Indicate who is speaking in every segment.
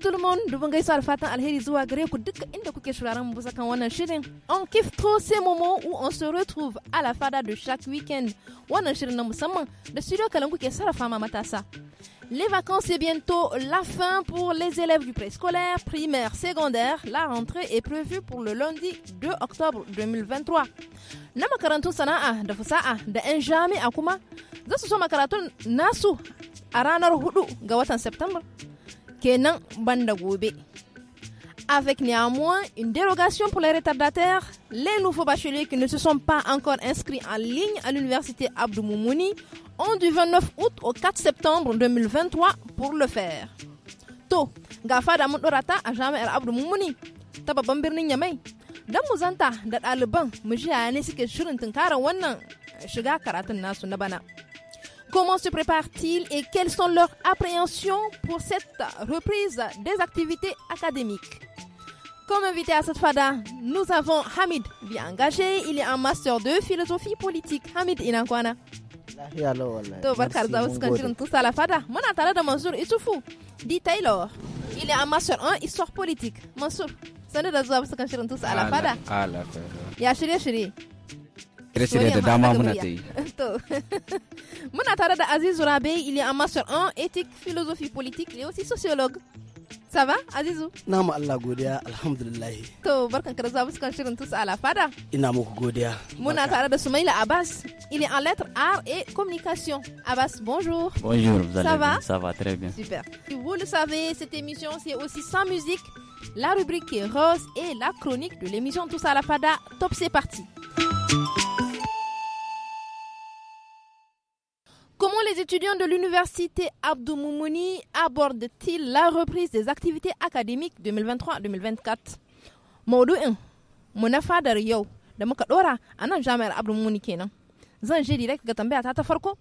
Speaker 1: tout le monde. Dubun gaisuwa da fatan alheri zuwa gare ku duka inda kuke shuraren mu wannan shirin. On kiffe trop ces moments où on se retrouve à la fada de chaque week-end. Wannan shirin na musamman da studio kalangu ke sarrafa ma matasa. Les vacances, c'est bientôt la fin pour les élèves du préscolaire, primaire, secondaire. La rentrée est prévue pour le lundi 2 octobre 2023. Na makarantun sana'a ah, da fasa'a ah, da 'yan akuma. kuma za su so makarantun nasu a ranar 4 ga watan September kenan banda gobe avec néanmoins une dérogation pour les retardataires, les nouveaux bacheliers qui ne se sont pas encore inscrits en ligne à l'université Abdou Moumouni ont du 29 août au 4 septembre 2023 pour le faire. To, gafa da à dorata a jami'ar Abdou Moumouni ta babban birnin Yamai. Dan muzanta da ɗaliban mu ji ne suke shirin tunkarar wannan shiga karatun nasu na bana. Comment se préparent-ils et quelles sont leurs appréhensions pour cette reprise des activités académiques comme invité à cette fada, nous avons Hamid, bien engagé. Il est un master 2 philosophie politique. Hamid Inankwana. To Il est en master 1 histoire politique. Mansour, sanar da la fada. Ya chérie, shiri.
Speaker 2: Restez de dama muna ta yi.
Speaker 1: Muna tare Azizou Rabey, il est en master 1 éthique, philosophie politique, il est aussi sociologue. Ça va, Azizou
Speaker 3: Na mu Allah godiya, alhamdulillah.
Speaker 1: To, barkan ka da zabu kan shirin à la fada.
Speaker 3: Ina muku godiya.
Speaker 1: Muna tare da Abbas. Il est en lettres, arts et communication. Abbas, bonjour.
Speaker 3: Bonjour, vous allez Ça va? Ça va très bien.
Speaker 1: Super. Vous le savez, cette émission, c'est aussi sans musique la rubrique rose et la chronique de l'émission Tous à la Fada. Top, c'est parti. Comment les étudiants de l'université Abdou Moumouni abordent-ils la reprise des activités académiques 2023-2024 1 mon un, da muka dora a nan jami'ar Abdou direct farko.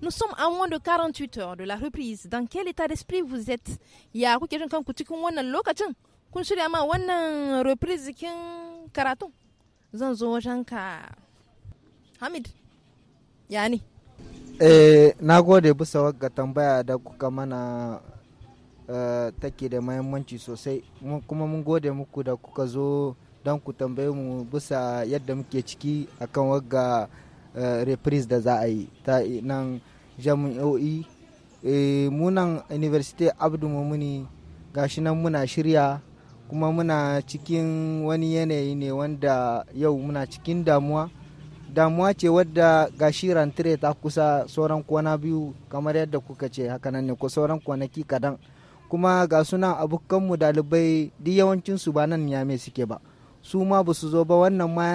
Speaker 1: Nous sommes à moins de 48 heures de la reprise. Dans quel état d'esprit vous êtes Ya kan cikin wannan lokacin? kun shirya ma wannan reprise jikin karatu zan zo wajen ka hamid ya ne
Speaker 4: eh na gode bisa ga tambaya da kuka mana eh, take da mahimmanci sosai kuma mun gode muku da kuka zo don ku tambaye mu bisa yadda muke ciki akan wagga eh, reprise da za a yi ta nan jami'o'i eh, munan university abdu mumuni gashi nan muna shirya kuma muna cikin wani yanayi ne wanda yau muna cikin damuwa damuwa ce wadda gashi rantire ta kusa sauran kwana biyu kamar yadda kuka ce hakanan ne ko sauran kwanaki kadan kuma ga suna abokanmu dalibai duk yawancinsu ba nan yame suke ba su ma ba su zo ba wannan ma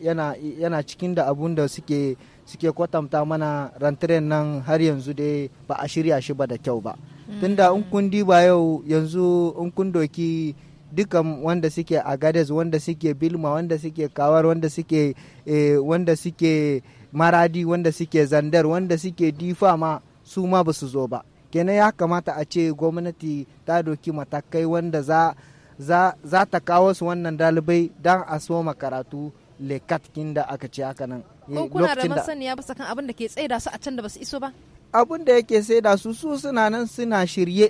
Speaker 4: yana, cikin da abun da suke suke kwatanta mana rantire nan har yanzu dai ba a shirya shi ba da kyau ba mm. tunda in kun diba yau yanzu in kun doki dukan wanda suke agades wanda suke bilma wanda suke kawar wanda suke eh, wanda suke maradi wanda suke zandar wanda suke difa ma su ma ba su zo ba kenan ya kamata a ce gwamnati ta doki matakai wanda za, za, za ta kawo su wannan dalibai don a soma karatu lekat da aka ce haka nan eh, ko kuna da masaniya
Speaker 1: bisa kan abin da ke tsaida su a can da ba su iso ba
Speaker 4: abin da yake tsaida su su suna nan suna shirye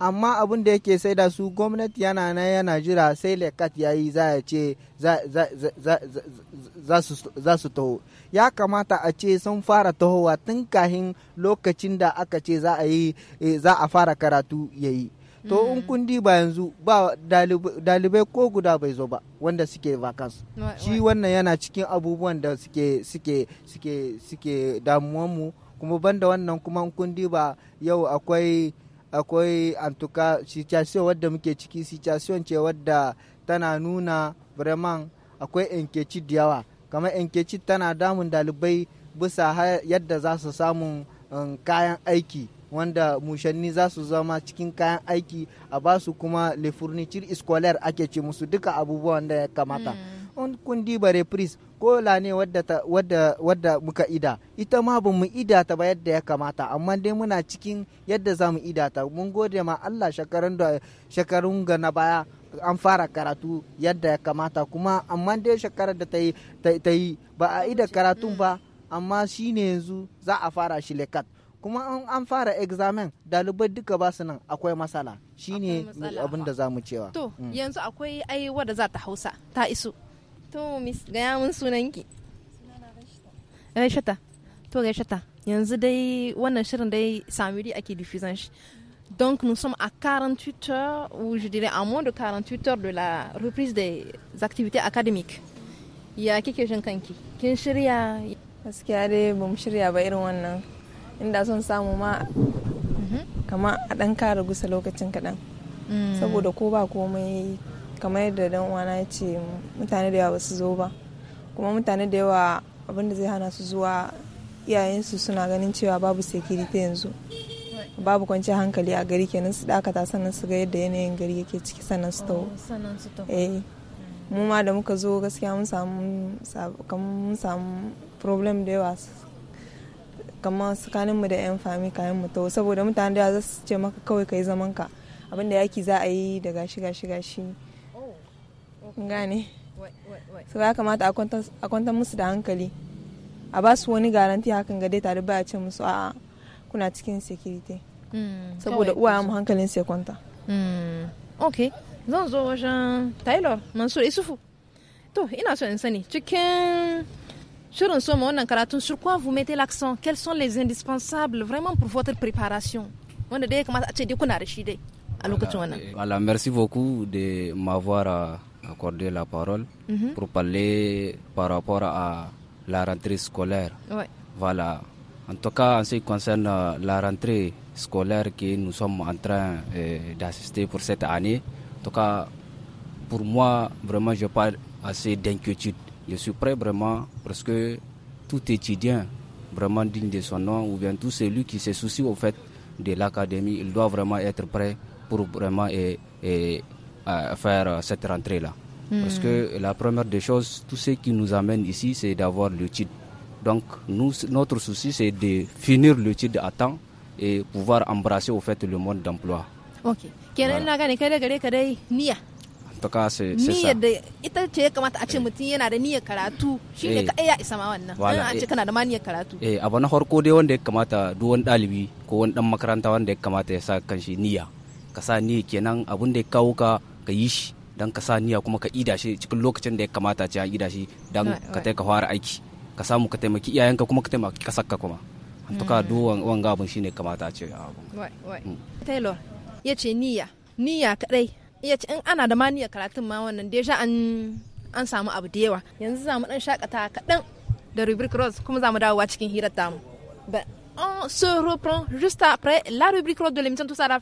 Speaker 4: amma abin da yake sai da su gwamnati yana nan yana jira sai lekat ya yi za a ce za su taho ya kamata a ce sun fara tahowa tun kahin lokacin da aka ce za a yi eh, za a fara karatu ya yi to in mm. kun ba yanzu ba dalibai ko guda bai zo ba wanda suke vacance shi wannan yana cikin abubuwan da suke ke damuwanmu kuma banda wannan kuma in kun ba yau akwai akwai antuka situation wadda muke ciki situation ce wadda tana nuna vraiment akwai enkeci da yawa kamar enkeci tana damun dalibai bisa yadda za su samu um, kayan aiki wanda mushanni za su zama cikin kayan aiki a ba su kuma le furniture scolaire ake ce musu duka abubuwan da ya kamata mm. kundi bare reprise kola ne wadda, muka ida ita ma ba mu ida ta ba yadda ya kamata amma dai muna cikin yadda za mu ida ta mun gode ma Allah shekarun da ga na baya an fara karatu yadda ya kamata kuma amma dai shekarar da ta yi ba a ida karatun ba amma shine yanzu za a fara shi lekat kuma an fara examen dalibai duka basu nan akwai matsala shine abin da za mu cewa to mm.
Speaker 1: yanzu akwai ai wadda za ta hausa ta isu to mis gaya mun sunanki Raishata to Raishata yanzu dai wannan shirin dai samiri ake diffusion shi donc nous sommes à 48 heures ou je dirais à moins de 48 heures de la reprise des activités académiques ya kike jin kanki kin shirya gaskiya dai ba mu shirya ba irin
Speaker 5: wannan inda son samu ma kama a dan kara gusa lokacin kaɗan saboda ko ba komai kamar yadda dan uwana ya ce mutane da yawa ba su zo ba kuma mutane da yawa abin da zai hana su zuwa iyayensu suna ganin cewa babu security yanzu babu kwanciyar hankali a gari kenan su dakata sannan su ga yadda yanayin gari yake ciki sannan su taho oh, eh mu ma da muka zo gaskiya mun samu mun samu problem da yawa kamar tsakanin mu da yan fami kayan mu taho saboda mutane da za su ce maka kawai kai zaman ka abin da yaki za a yi da gashi gashi gashi gane su ya kamata a kwanta musu da hankali a ba su wani garanti hakan ga dai tare ba a ce musu a kuna cikin security hmm, saboda uwa ya mu hankalin sai kwanta
Speaker 6: hmm,
Speaker 1: ok zan zo wajen taylor mansur isufu to ina so in sani cikin shirin so ma wannan karatun sur quoi vous mettez l'accent quels sont les indispensables vraiment pour votre préparation wanda dai kamata a ce dai kuna da shi dai a lokacin wannan eh,
Speaker 2: voilà merci beaucoup de m'avoir euh, Accorder la parole mhm. pour parler par rapport à la rentrée scolaire. Voilà. En tout cas, en ce qui concerne euh, la rentrée scolaire que nous sommes en train euh, d'assister pour cette année, en tout cas, pour moi, vraiment, je parle assez d'inquiétude. Je suis prêt vraiment parce que tout étudiant vraiment digne de son nom ou bien tout celui qui se soucie au fait de l'académie, il doit vraiment être prêt pour vraiment et à faire euh, cette rentrée-là. Parce que hmm. la première des choses, tout ce qui nous amène ici, c'est d'avoir le titre. Donc, nous, notre souci, c'est de finir le titre à temps et pouvoir embrasser au fait le monde d'emploi. Ok. En tout cas, c'est ça. Voilà. ka yi shi don ka sa niyya kuma ka ida shi cikin lokacin da ya kamata ce a ida shi don ka ka fara aiki ka samu ka taimaki iyayenka kuma ka taimaki kasarka kuma an tuka mm. duwan wanga abin shine kamata ce a
Speaker 1: abin mm. taylor ya ce niyya niyya kadai ya ce in ana da ma niyya karatun ma wannan deja an an samu abu da yawa yanzu za mu dan shakata kadan da rubric rose kuma za mu dawowa cikin hirar tamu ba on se reprend juste après la rubrique rose de l'émission tout ça la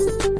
Speaker 1: thank you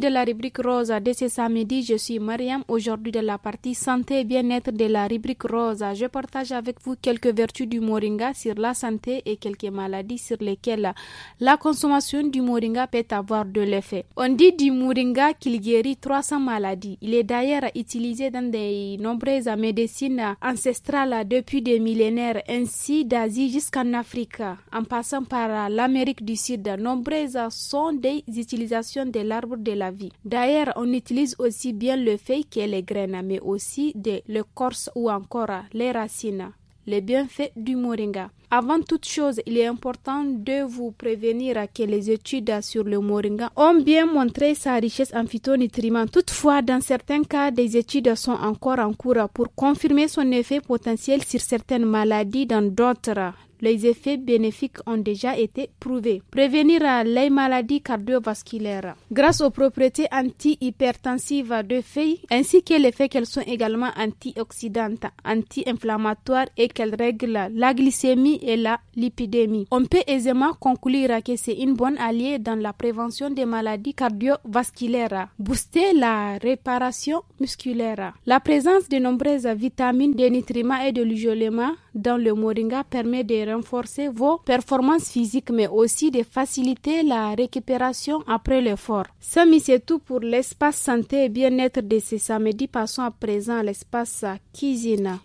Speaker 7: de la rubrique rose de ce samedi, je suis Mariam. Aujourd'hui, de la partie santé et bien-être de la rubrique rose, je partage avec vous quelques vertus du moringa sur la santé et quelques maladies sur lesquelles la consommation du moringa peut avoir de l'effet. On dit du moringa qu'il guérit 300 maladies. Il est d'ailleurs utilisé dans de nombreuses médecines ancestrales depuis des millénaires, ainsi d'Asie jusqu'en Afrique, en passant par l'Amérique du Sud. Nombreuses sont des utilisations de l'arbre de vie. D'ailleurs, on utilise aussi bien le feuille que les graines, mais aussi de corse ou encore les racines les bienfaits du moringa. Avant toute chose, il est important de vous prévenir que les études sur le moringa ont bien montré sa richesse en phytonutriments. Toutefois, dans certains cas, des études sont encore en cours pour confirmer son effet potentiel sur certaines maladies. Dans d'autres, les effets bénéfiques ont déjà été prouvés. Prévenir les maladies cardiovasculaires grâce aux propriétés antihypertensives de feuilles ainsi que l'effet qu'elles sont également antioxydantes, anti-inflammatoires et qu'elles règlent la glycémie et la lipidémie. On peut aisément conclure que c'est une bonne alliée dans la prévention des maladies cardiovasculaires, booster la réparation musculaire. La présence de nombreuses vitamines, de nutriments et de l'isolement dans le moringa permet de renforcer vos performances physiques mais aussi de faciliter la récupération après l'effort. Samy, c'est tout pour l'espace santé et bien-être de ce samedi. Passons à présent à l'espace cuisine.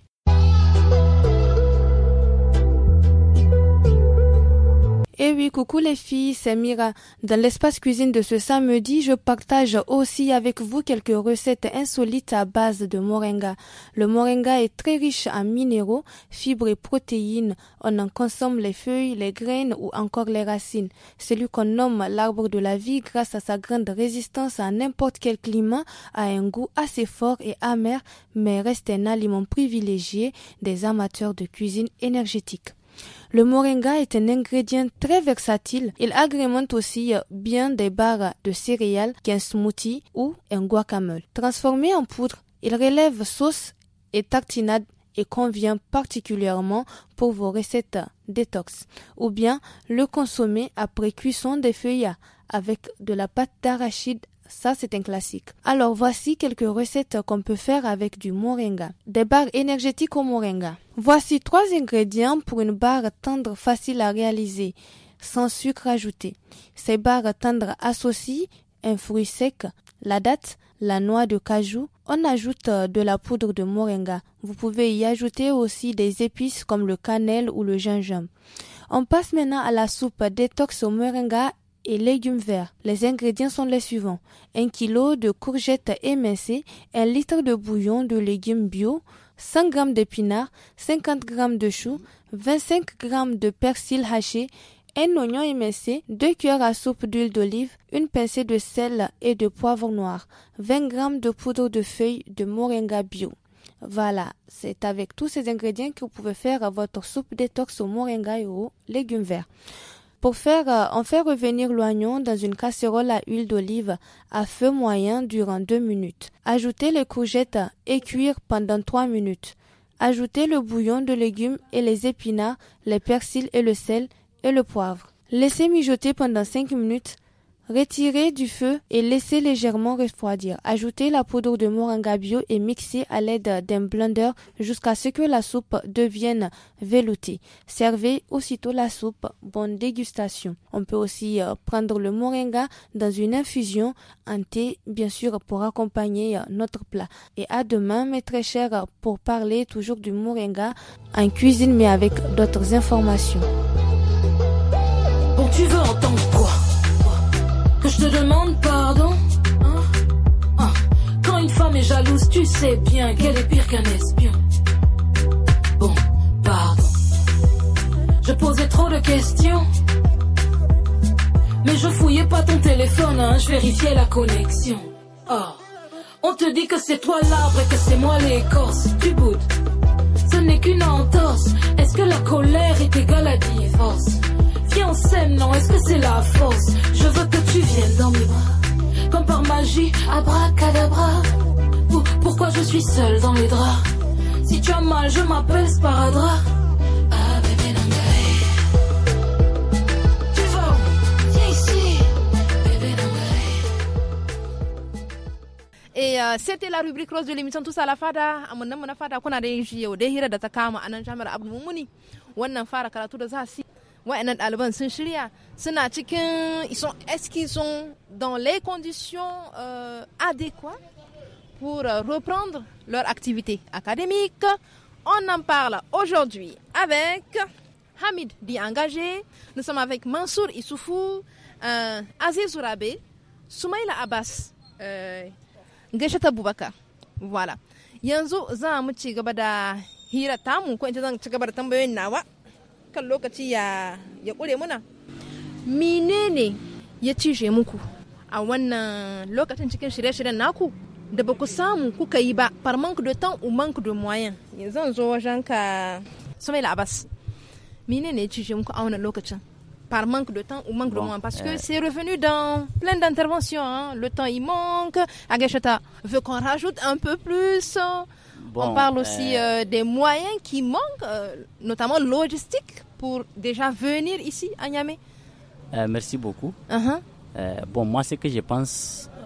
Speaker 8: Eh oui, coucou les filles, c'est Mira. Dans l'espace cuisine de ce samedi, je partage aussi avec vous quelques recettes insolites à base de moringa. Le moringa est très riche en minéraux, fibres et protéines. On en consomme les feuilles, les graines ou encore les racines. Celui qu'on nomme l'arbre de la vie grâce à sa grande résistance à n'importe quel climat a un goût assez fort et amer, mais reste un aliment privilégié des amateurs de cuisine énergétique. Le moringa est un ingrédient très versatile. Il agrémente aussi euh, bien des barres de céréales qu'un smoothie ou un guacamole. Transformé en poudre, il relève sauce et tartinade et convient particulièrement pour vos recettes détox, ou bien le consommer après cuisson des feuilles avec de la pâte d'arachide ça, c'est un classique. Alors, voici quelques recettes qu'on peut faire avec du moringa. Des barres énergétiques au moringa. Voici trois ingrédients pour une barre tendre facile à réaliser, sans sucre ajouté. Ces barres tendres associent un fruit sec, la date, la noix de cajou. On ajoute euh, de la poudre de moringa. Vous pouvez y ajouter aussi des épices comme le cannelle ou le gingembre. On passe maintenant à la soupe détox au moringa et légumes verts. Les ingrédients sont les suivants. 1 kg de courgettes émincées, 1 litre de bouillon de légumes bio, 100 g d'épinards, 50 g de choux, 25 g de persil haché, un oignon émincé, 2 cuillères à soupe d'huile d'olive, une pincée de sel et de poivre noir, 20 g de poudre de feuilles de moringa bio. Voilà, c'est avec tous ces ingrédients que vous pouvez faire votre soupe détox au moringa et aux légumes verts. Pour faire, on euh, fait revenir l'oignon dans une casserole à huile d'olive à feu moyen durant 2 minutes. Ajoutez les courgettes et cuire pendant 3 minutes. Ajoutez le bouillon de légumes et les épinards, les persils et le sel et le poivre. Laissez mijoter pendant 5 minutes Retirez du feu et laissez légèrement refroidir. Ajoutez la poudre de moringa bio et mixez à l'aide d'un blender jusqu'à ce que la soupe devienne veloutée. Servez aussitôt la soupe. Bonne dégustation. On peut aussi euh, prendre le moringa dans une infusion, en thé bien sûr pour accompagner euh, notre plat. Et à demain mes très chers pour parler toujours du moringa en cuisine mais avec d'autres informations. tu je te demande pardon hein, hein. Quand une femme est jalouse, tu sais bien qu'elle est pire qu'un espion. Bon, pardon. Je posais trop de questions. Mais je fouillais pas ton téléphone, hein, je vérifiais la connexion. Oh. On te dit que c'est toi l'arbre et que c'est moi l'écorce. Tu boudes. Ce n'est qu'une entorse. Est-ce que la colère est égale à divorce qui en sème, non, est-ce que c'est la force Je veux que tu viennes dans mes bras, comme par magie, abracadabra. pourquoi je suis seule dans les draps Si tu as mal, je m'appelle Sparadra. Ah, bébé, Tu vas où
Speaker 6: Viens ici,
Speaker 1: bébé, Et euh, c'était la rubrique rose de l'émission Tous à la Fada. À mon nom, a Fada, qu'on a réussi au délire de ta cam, à Nanjamar Abdoumouni. Wannan fara karatu da za Ouais, ils est-ce qu'ils sont dans les conditions euh, adéquates pour euh, reprendre leur activité académique on en parle aujourd'hui avec Hamid dit nous sommes avec Mansour Issoufou, euh, Aziz Soumaila Soumaïla Abbas, euh, Boubaka. Voilà. Yanzu za mu kan lokaci ya ya ƙure muna menene ya cije muku a wannan lokacin cikin shirye-shiryen naku da ba ku samu kuka yi ba farman ku dotan uman ku domin wayan yanzu zo wajen ka sumaila abbas menene ya cije muku a wannan lokacin par manque de temps ou manque de moyens. Parce que eh. c'est revenu dans plein d'interventions. Hein. Le temps, il manque. Agachata veut qu'on rajoute un peu plus.
Speaker 9: On parle aussi eh. euh,
Speaker 1: des moyens qui manquent, euh, notamment logistique, pour déjà venir ici à Niamey
Speaker 9: euh, Merci beaucoup. Uh-huh. Euh, bon, moi, ce que je pense euh,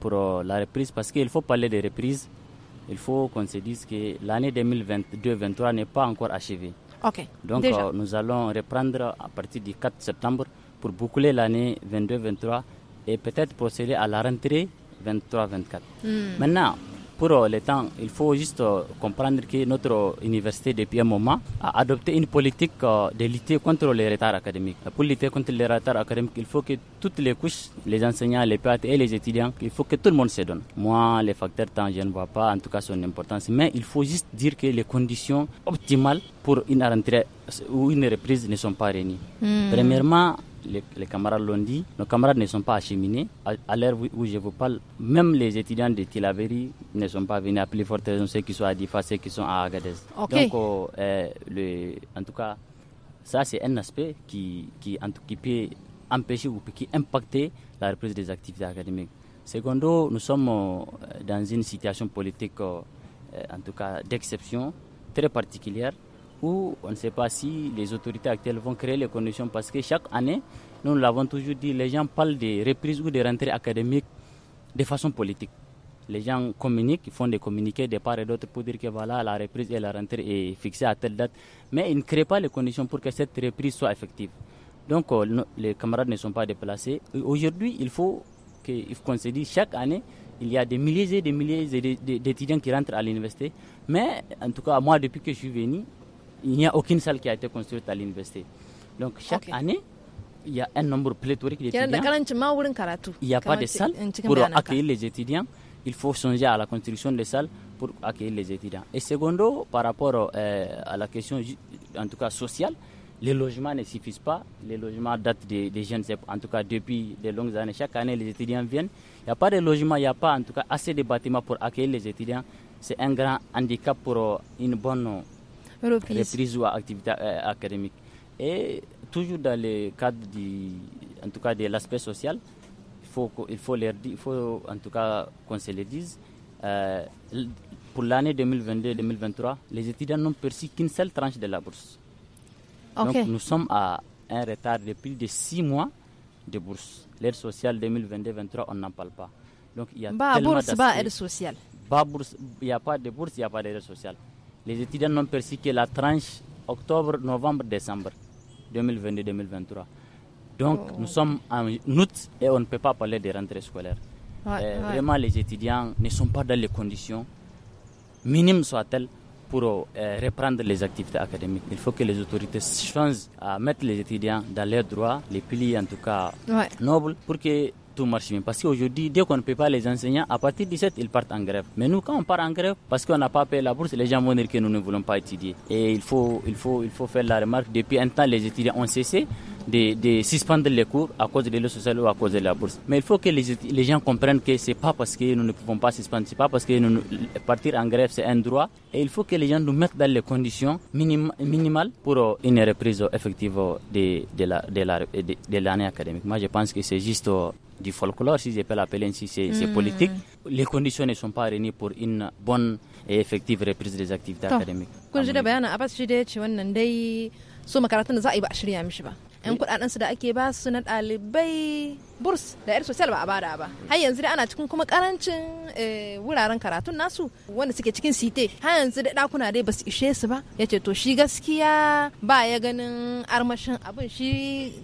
Speaker 9: pour la reprise, parce qu'il faut parler de reprise, il faut qu'on se dise que l'année 2022-2023 n'est pas encore achevée.
Speaker 7: Ok. Donc,
Speaker 9: nous allons reprendre à partir du 4 septembre pour boucler l'année 22-23 et peut-être procéder à la rentrée 23-24. Hmm. Maintenant, pour euh, le temps, il faut juste euh, comprendre que notre université, depuis un moment, a adopté une politique euh, de lutter contre les retards académiques. Pour lutter contre les retards académiques, il faut que toutes les couches, les enseignants, les pâtes et les étudiants, il faut que tout le monde se donne. Moi, les facteurs temps, je ne vois pas en tout cas son importance, mais il faut juste dire que les conditions optimales pour une rentrée ou une reprise ne sont pas réunies. Hmm. Premièrement, les, camarades l'ont dit, nos camarades ne sont pas acheminés. À, l'heure où je vous parle, même les étudiants de Tilaveri ne sont pas venus à plus forte ceux qui sont à Difa, ceux qui sont à Agadez. Donc, euh, euh, en tout cas, ça c'est un aspect qui, peut empêcher ou qui impacter la reprise des activités académiques. Secondo, nous sommes euh, dans une situation politique, en tout cas d'exception, très particulière où on ne sait pas si les autorités actuelles vont créer les conditions parce que chaque année, nous l'avons toujours dit, les gens parlent des reprises ou des rentrées académiques de façon politique. Les gens communiquent, font des communiqués de part et d'autre pour dire que voilà, la reprise et la rentrée est fixée à telle date, mais ils ne créent pas les conditions pour que cette reprise soit effective. Donc euh, les camarades ne sont pas déplacés. Aujourd'hui, il faut qu'on se dise chaque année, il y a des milliers et des milliers d'étudiants qui rentrent à l'université. Mais en tout cas, moi, depuis que je suis venu, il n'y a aucune salle qui a été construite à l'université. Donc chaque année, il y a un nombre pléthorique d'étudiants.
Speaker 1: Il n'y a pas de salle pour
Speaker 9: accueillir les étudiants. Il faut songer à la construction des salles pour accueillir les étudiants. Et secondo, par rapport euh, à la question, en tout cas sociale, les logements ne suffisent pas. Les logements datent des, jeunes, en tout cas depuis de longues années. Chaque année, les étudiants viennent. Il n'y a pas de logement, il n'y a pas en tout cas assez de bâtiments pour accueillir les étudiants. C'est un grand handicap pour euh, une bonne
Speaker 1: reprise,
Speaker 9: ou activités euh, académiques Et toujours dans le cadre du, en tout cas de l'aspect social, il faut, en tout cas qu'on se le dise. Euh, pour l'année 2022-2023, les étudiants n'ont perçu qu'une seule tranche de la bourse. Donc nous sommes à un retard de plus de six mois de bourse. L'aide sociale 2022-2023, on n'en parle pas. Donc il y a bourse, aide sociale. il n'y a pas de bourse, il n'y a pas d'aide sociale les étudiants n'ont perçu que la tranche octobre, novembre, décembre 2022-2023. Donc oh. nous sommes en août et on ne peut pas parler de rentrée scolaire. Euh, vraiment, les étudiants ne sont pas dans les conditions, minimes soient-elles, pour euh, reprendre les activités académiques. Il faut que les autorités changent à mettre les étudiants dans leurs droits, les piliers en tout cas nobles, pour que tout marche bien. Parce qu'aujourd'hui, dès qu'on ne peut pas les enseignants, à partir de 17, ils partent en grève. Mais nous, quand on part en grève, parce qu'on n'a pas payé la bourse, les gens vont dire que nous ne voulons pas étudier. Et il faut, il faut, il faut faire la remarque, depuis un temps, les étudiants ont cessé de, suspendre les cours à cause de l'eau sociale ou à cause de la bourse. Mais il faut que les, gens comprennent que c'est pas parce que nous ne pouvons pas suspendre, c'est pas parce que nous, partir en grève, c'est un droit. Et il faut que les gens nous mettent dans les conditions minimales pour euh, une reprise effective de, l'année la, de, de académique. Moi, je pense que c'est juste euh, du folklore, si je peux l'appeler ainsi, c'est mm. politique. Les conditions ne sont pas réunies pour une bonne et effective reprise des activités académiques.
Speaker 1: 'yan kudaden su da ake ba su na dalibai burs da yar social ba a bada ba har yanzu da ana cikin kuma karancin eh, wuraren karatun nasu wanda suke cikin site har yanzu da dakuna dai basu ishe su ba yace to shi gaskiya ba ya ganin armashin abin shi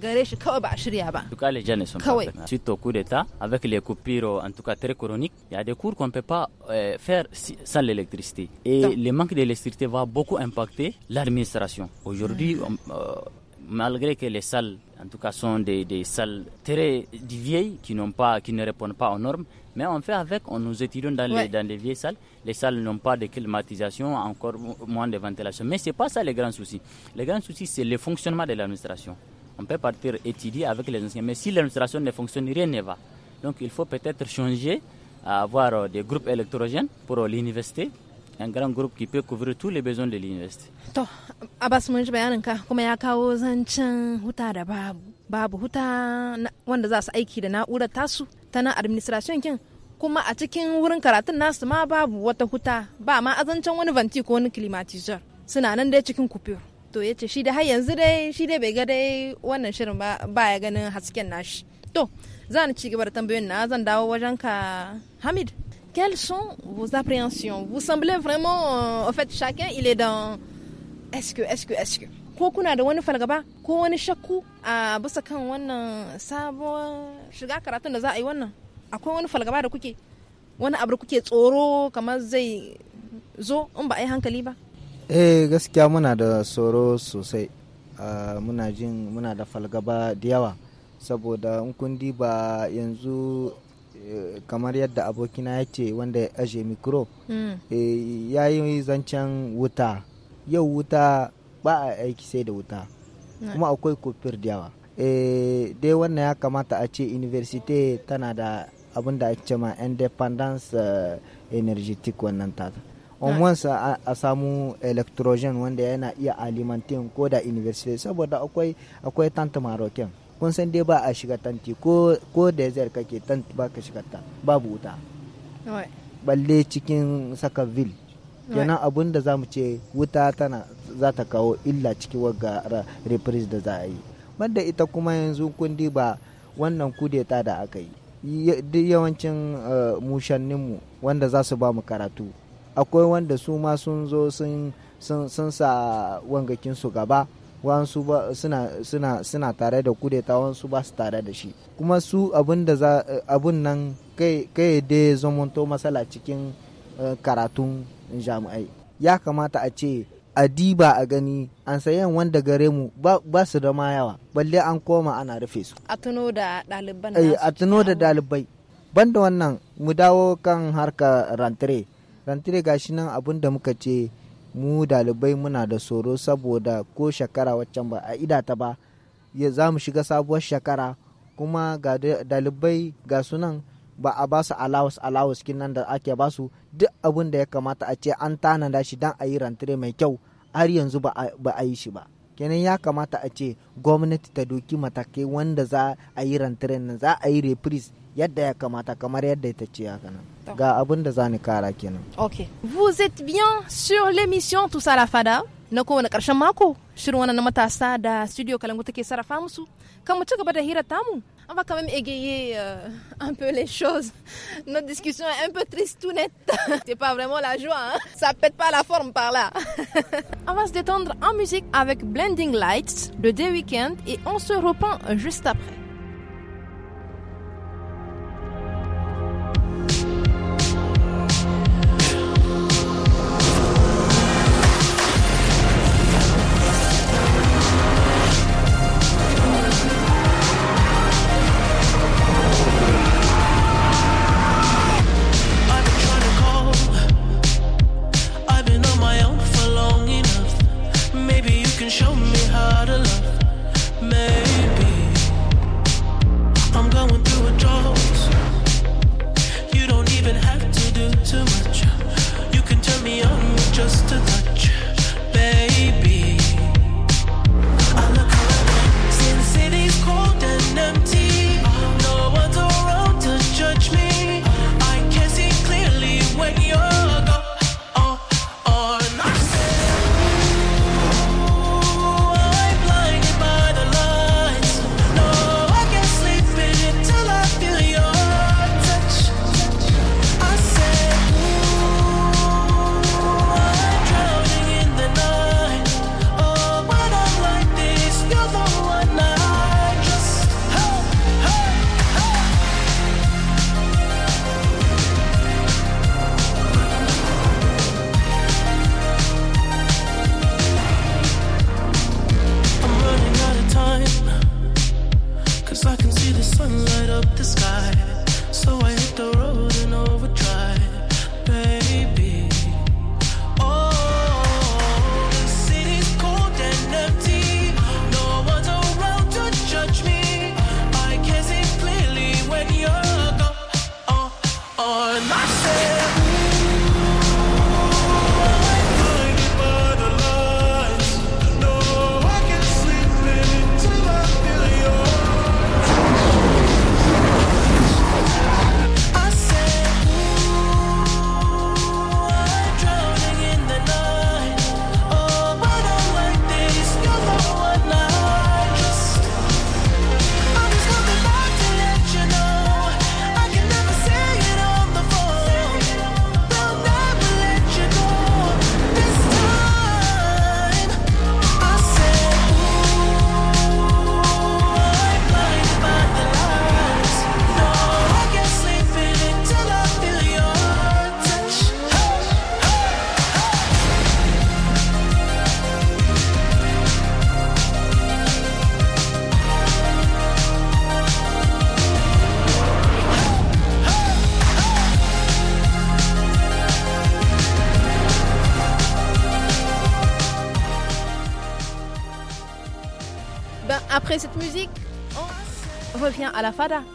Speaker 1: gare shi kawai ba a shirya ba
Speaker 9: tukale jane sun kawai suite coup d'état avec les coupures en tout cas très chroniques il y a des cours qu'on peut pas eh, faire sans l'électricité et le manque d'électricité va beaucoup impacter l'administration aujourd'hui euh, malgré que les salles, en tout cas, sont des, salles très vieilles qui, pas, qui ne répondent pas aux normes, mais on fait avec, on nous étudie dans, les, vieilles salles. Les salles n'ont pas de climatisation, encore moins de ventilation. Mais ce n'est pas ça le grand souci. Le grand souci, c'est le fonctionnement de l'administration. On peut partir étudier avec les anciens, mais si l'administration ne fonctionne, rien ne va. Donc il faut peut-être changer, avoir euh, des groupes électrogènes pour euh, l'université, un grand groupe qui peut couvrir tous les besoins de l'université.
Speaker 1: To, mun ji kuma e ya kawo zancen huta da babu. Babu huta wanda za su aiki da na'urar tasu ta administration kin kuma a cikin wurin karatun nasu ma babu wata huta ba ma azancan wani vanti ko wani climatizer suna nan dai cikin kufur. To ya ce shi da har yanzu dai shi dai bai ga dai wannan shirin ba ya ganin hasken nashi. To, za ni ci gaba da tambayoyin na zan dawo wajen ka Hamid. Quelles sont vos appréhensions Vous semblez vraiment, euh, en fait, chacun, il est dans est-ce que, est-ce que, est-ce que. ko kuna da wani falgaba ko wani shakku a bisa kan wannan sabon shiga karatun da za a yi wannan akwai wani falgaba da kuke wani abu kuke tsoro kamar zai zo in ba a yi hankali ba
Speaker 4: eh gaskiya muna da tsoro sosai muna jin muna da falgaba da yawa saboda in kun diba yanzu Eh, kamar yadda abokina ya ce wanda ya aje mikro hmm. eh, ya yi zancen wuta yau wuta ba a aiki sai da wuta hmm. kuma akwai kofir da yawa eh, dai wannan ya kamata a ce university tana da abin da ake ma independence energetic wannan tata hmm. onwansa a, a samu electrogen wanda yana iya alimantin ko da university saboda akwai akwai tantumaroken kun san dai ba a shiga tanti ko da zai kake tanti ba ka shiga ta babu wuta balle cikin saka vil kenan abun da za mu ce wuta tana za ta kawo illa cikin waga reprise da za a yi banda ita kuma yanzu kun ba wannan kudeta da aka yi duk yawancin eh, mushanninmu wanda za su ba mu karatu akwai wanda su ma sun zo sun sa wangakinsu gaba wansu ba suna suna suna tare da kudeta wansu ba su tare da shi kuma su abin da za abun nan kai da zamanto masala cikin eh, karatun jami'ai ya kamata a ce a diba a gani an sayan wanda gare mu ba su da ma yawa balle an koma ana rufe su
Speaker 1: a tuno da ɗaliban eh,
Speaker 4: a tuno da ɗalibai banda wannan mu dawo kan harka rantre rantre gashi nan abun da muka ce mu dalibai muna da tsoro saboda ko shekara waccan ba a idata ba za mu shiga sabuwar shekara kuma ga dalibai ga sunan ba a ba su allowance allowance nan da ake ba su duk abin da ya kamata a ce an tanada shi dan a yi rantare mai kyau har yanzu ba a yi shi ba kenan ya kamata a ce gwamnati ta doki matakai wanda za a yi rantare nan za a yi reprise yadda ya kamata kamar yadda ta ce haka nan Ok.
Speaker 1: Vous êtes bien sur l'émission tout à la Fada. na ƙarshen studio take sarrafa musu on va quand même égayer euh, un peu les choses notre discussion est un peu triste tout net c'est pas vraiment la joie hein? ça pète pas la forme par là on va se détendre en musique avec Blending Lights le Day Weekend et on se reprend juste après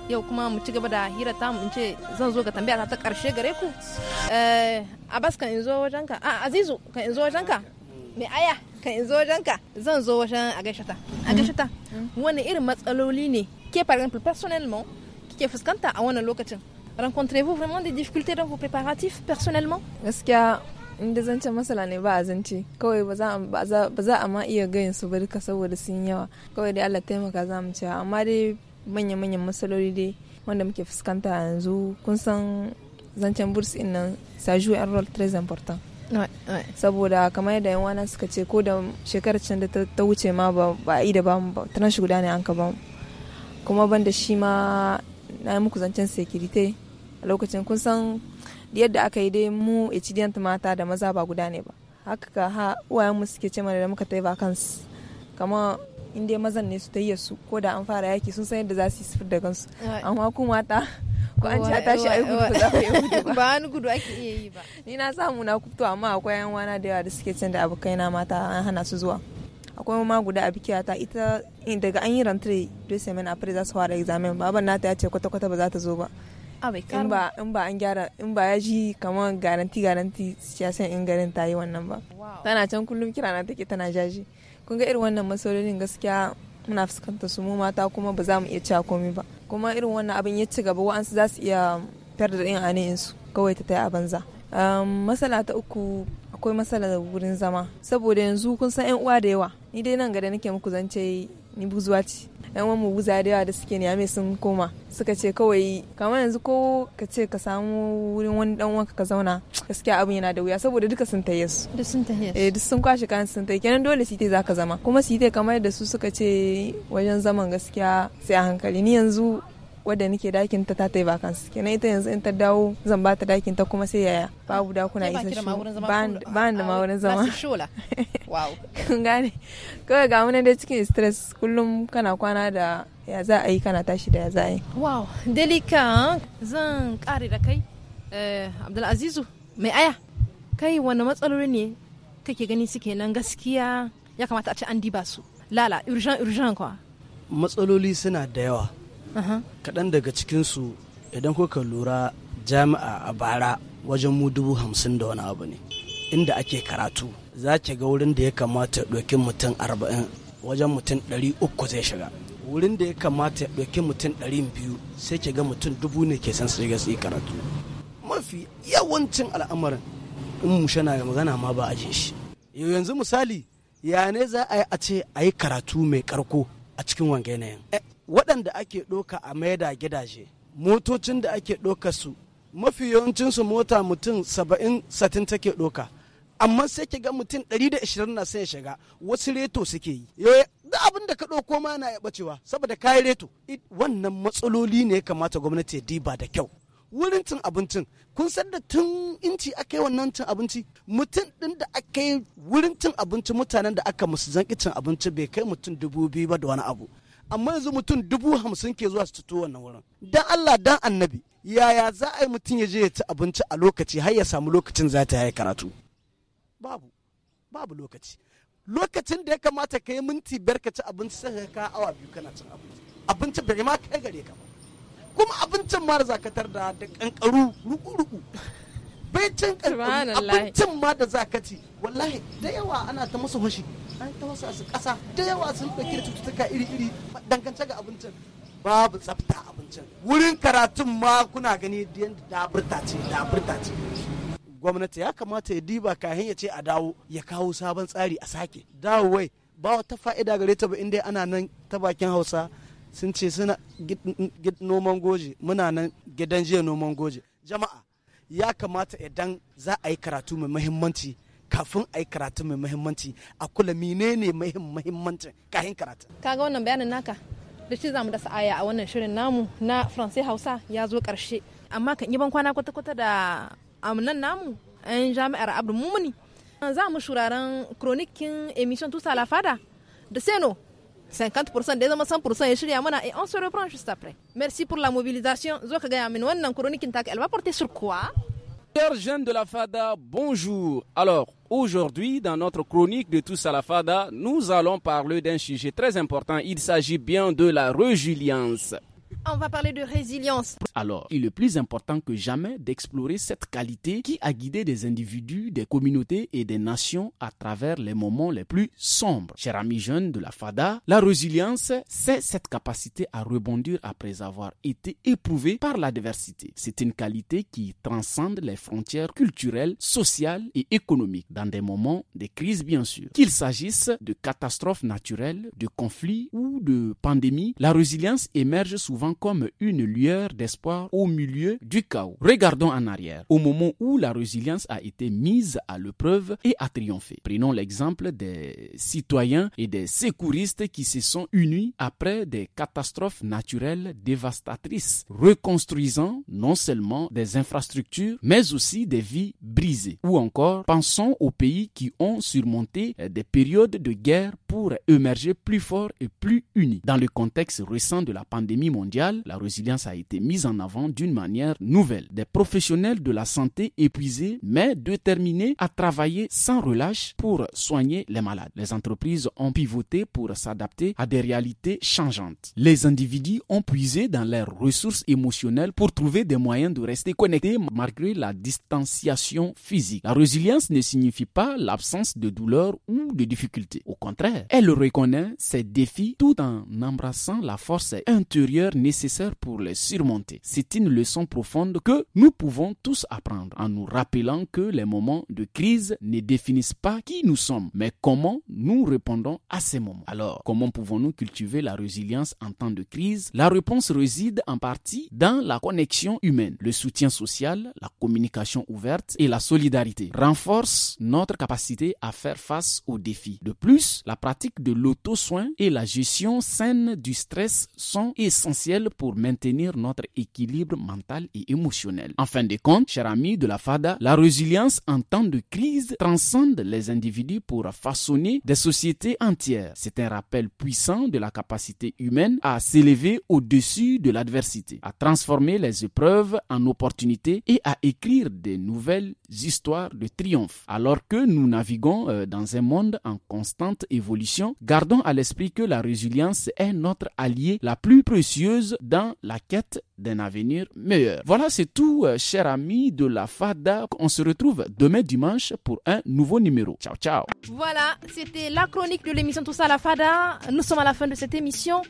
Speaker 1: yau kuma mu ci gaba da hira ta mu ce zan zo ga tambaya ta karshe gare ku eh, abbas kan in zo wajen ka a ah, azizu kan in zo wajen ka mai aya kan in zo wajen ka zan zo wajen a gaishe ta a gaishe ta wani irin matsaloli ne ke par exemple personnellement kike fuskanta a wannan lokacin rencontrez-vous vraiment des difficultés dans vos préparatifs personnellement gaskiya
Speaker 5: da zance masala ne ba a zance kawai ba za a ma iya gayin su bari ka saboda sun yawa kawai dai Allah taimaka za mu cewa amma dai manya-manyan matsaloli dai wanda muke fuskanta yanzu kun san zancen burs in nan saju an rol très important saboda kamar yadda yan wana suka ce ko da shekarar can da ta wuce ma ba a yi da bamu ba ta shi guda ne an ka bamu kuma ban da shi ma na yi muku zancen sekirite a lokacin kun san yadda aka yi dai mu HDN mata da maza ba guda ne ba haka ka ha mu suke ce mana da muka tai kansu kamar in dai mazan ne su iya su ko da an fara yaki sun san yadda za su yi sifir da kansu amma ku mata ko an ci a tashi ai gudu ba za ku yi gudu ba wani gudu ake iya yi ba ni na samu na kubto amma akwai yan wana da yawa da suke can da abokai na mata an hana su zuwa akwai ma guda a bikiyata ita daga an yi rantare dole sai mana za su fara examen baban nata ya ce kwata-kwata ba za ta zo ba in ba an gyara in ba ya ji kamar garanti garanti siyasan in garin ta yi wannan ba tana can kullum kira na take tana jaji kun ga irin wannan masalolin gaskiya muna fuskantar su mu mata kuma ba za mu iya cewa komai ba kuma irin wannan abin ya ci gaba wa'ansu za su iya fitar da ɗin su kawai ta tai a banza masala ta uku akwai masala da wurin zama saboda yanzu kun san 'yan uwa da yawa ni dai nan gada nake muku zance ni buzuwa ce yan uwan mu buza da yawa da suke ne sun koma suka ce kawai kamar yanzu ko ka ce ka samu wurin wani dan uwanka ka zauna gaskiya abin yana da wuya saboda duka sun taye su duk sun taye eh duk sun kwashi kan sun taye kenan dole site zaka zama kuma site kamar da su suka ce wajen zaman gaskiya sai a hankali ni yanzu wadda nake dakin ta ta yi vacancy kenan ita yanzu in ta dawo zan ba ta dakin ta kuma sai yaya babu dakuna isa shi ba da ma wurin zama kun gane kawai ga wani da cikin stress kullum kana kwana da ya za a yi kana tashi da ya za a yi
Speaker 1: wow delika zan kare da kai eh, abdulazizu mai aya kai wani matsaloli ne kake gani suke nan gaskiya ya kamata a ci an diba su lala urgent urgent kwa
Speaker 3: matsaloli suna da yawa kaɗan daga cikinsu idan kuka lura jami'a a bara wajen mu dubu hamsin da wani abu ne inda ake karatu za ki ga wurin da ya kamata ɗauki mutum arba'in wajen mutum ɗari uku zai shiga wurin da ya kamata ya mutum ɗari biyu sai ki ga mutum dubu ne ke san shiga su yi karatu mafi yawancin al'amarin in mushe na magana ma ba a jin shi yanzu misali ya ne za a yi a ce a yi karatu mai karko a cikin wanga yanayin eh, waɗanda ake ɗoka a maida gidaje motocin da ake ɗoka su mafi yawancinsu mota mutum saba'in satin take ɗoka amma sai ki ga mutum 120 na sai shiga wasu reto suke yi da abin da ka ɗauko ma na ya bacewa saboda kayan reto wannan matsaloli ne kamata gwamnati ya diba da kyau wurin cin abincin kun san da tun inci aka yi wannan cin abinci mutum ɗin da aka yi wurin cin abinci mutanen da aka musu zanki cin abinci bai kai mutum dubu biyu ba da wani abu amma yanzu mutum dubu hamsin ke zuwa su fito wannan wurin dan Allah dan annabi yaya za a yi mutum ya je ya ci abinci a lokaci har ya samu lokacin za ta yi karatu babu babu lokaci lokacin da ya kamata ka yi minti biyar ka ci abinci sai ka awa biyu kana cin abinci abincin bai ma kai gare ka ba kuma abincin ma da zakatar da da kankaru ruku-ruku abincin kankani abincin ma da za ka ci wallahi da yawa ana ta musu hoshi an ta wasu su kasa da yawa sun ɗauki da cututtuka iri-iri dangance ga abincin babu tsafta abincin wurin karatun ma kuna gani yadda daburta ce daburta ce gwamnati ya kamata ya diba kahin ya ce a dawo ya kawo sabon tsari a sake wai ba wata fa'ida gare ta ba inda ana nan ta bakin hausa sun ce suna noman goje muna nan gidan jiya noman goje jama'a ya kamata idan za a yi karatu mai mahimmanci kafin a yi karatu mai mahimmanci a kula menene mahimmancin kayan karatu
Speaker 1: kaga wannan bayanin naka da shi zamu dasa aya a wannan shirin namu na faransai hausa ya zo karshe amma kan yi ban kwana kwata-kwata da amnan namu yan jami'ar abdul mumuni za mu shuraren kronikin emission tusa lafada da seno 50% désormais 100% et on se reprend juste après merci pour la mobilisation zo chronique elle va porter sur quoi
Speaker 10: Chers jeunes de la FADA, bonjour. Alors, aujourd'hui, dans notre chronique de Tous à la FADA, nous allons parler d'un sujet très important. Il s'agit bien de la résilience.
Speaker 1: On va parler de résilience.
Speaker 10: Alors, il est plus important que jamais d'explorer cette qualité qui a guidé des individus, des communautés et des nations à travers les moments les plus sombres. Chers amis jeunes de la FADA, la résilience, c'est cette capacité à rebondir après avoir été éprouvé par l'adversité. C'est une qualité qui transcende les frontières culturelles, sociales et économiques dans des moments de crise, bien sûr. Qu'il s'agisse de catastrophes naturelles, de conflits ou de pandémies, la résilience émerge souvent comme une lueur d'espoir au milieu du chaos. Regardons en arrière, au moment où la résilience a été mise à l'épreuve et a triomphé. Prenons l'exemple des citoyens et des secouristes qui se sont unis après des catastrophes naturelles dévastatrices, reconstruisant non seulement des infrastructures, mais aussi des vies brisées. Ou encore, pensons aux pays qui ont surmonté des périodes de guerre pour émerger plus forts et plus unis. Dans le contexte récent de la pandémie mondiale, la résilience a été mise en avant d'une manière nouvelle. Des professionnels de la santé épuisés, mais déterminés à travailler sans relâche pour soigner les malades. Les entreprises ont pivoté pour s'adapter à des réalités changeantes. Les individus ont puisé dans leurs ressources émotionnelles pour trouver des moyens de rester connectés malgré la distanciation physique. La résilience ne signifie pas l'absence de douleur ou de difficultés. Au contraire, elle reconnaît ses défis tout en embrassant la force intérieure nécessaire nécessaire pour les surmonter. C'est une leçon profonde que nous pouvons tous apprendre en nous rappelant que les moments de crise ne définissent pas qui nous sommes, mais comment nous répondons à ces moments. Alors, comment pouvons-nous cultiver la résilience en temps de crise La réponse réside en partie dans la connexion humaine, le soutien social, la communication ouverte et la solidarité. Renforce notre capacité à faire face aux défis. De plus, la pratique de l'auto-soin et la gestion saine du stress sont essentielles pour maintenir notre équilibre mental et émotionnel. En fin de compte, chers amis de la FADA, la résilience en temps de crise transcende les individus pour façonner des sociétés entières. C'est un rappel puissant de la capacité humaine à s'élever au-dessus de l'adversité, à transformer les épreuves en opportunités et à écrire des nouvelles histoires de triomphe. Alors que nous naviguons euh, dans un monde en constante évolution, gardons à l'esprit que la résilience est notre allié la plus précieuse ambitieuse dans la quête d'un avenir meilleur. Voilà, c'est tout, euh, chers amis de la FADA. On se retrouve demain dimanche pour un nouveau numéro. Ciao, ciao.
Speaker 1: Voilà, c'était la chronique de l'émission Tout ça à la FADA. Nous sommes à la fin de cette émission.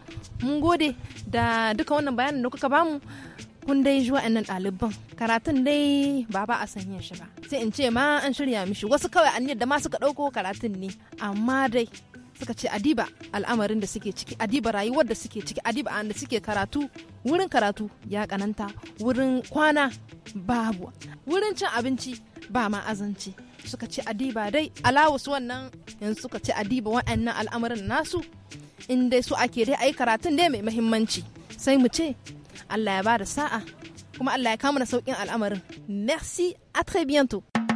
Speaker 1: Mungode, da duka wannan bayanin da kuka bamu kun dai ji wa'annan ɗaliban karatun dai ba ba a sanya shi ba sai in ce ma an shirya mishi wasu kawai an yadda ma suka ɗauko karatun ne amma dai suka ce adiba al'amarin da suke ciki adiba rayuwar da suke ciki adiba da suke karatu wurin karatu ya kananta wurin kwana babu wurin cin abinci ba ma azanci suka ce adiba dai alawus wannan yanzu suka ce adiba wa'annan al'amarin nasu in dai su ake dai ayi karatun dai mai mahimmanci sai mu ce Allah ya ba da sa'a kuma Allah ya kama da sauƙin al'amarin merci à très bientôt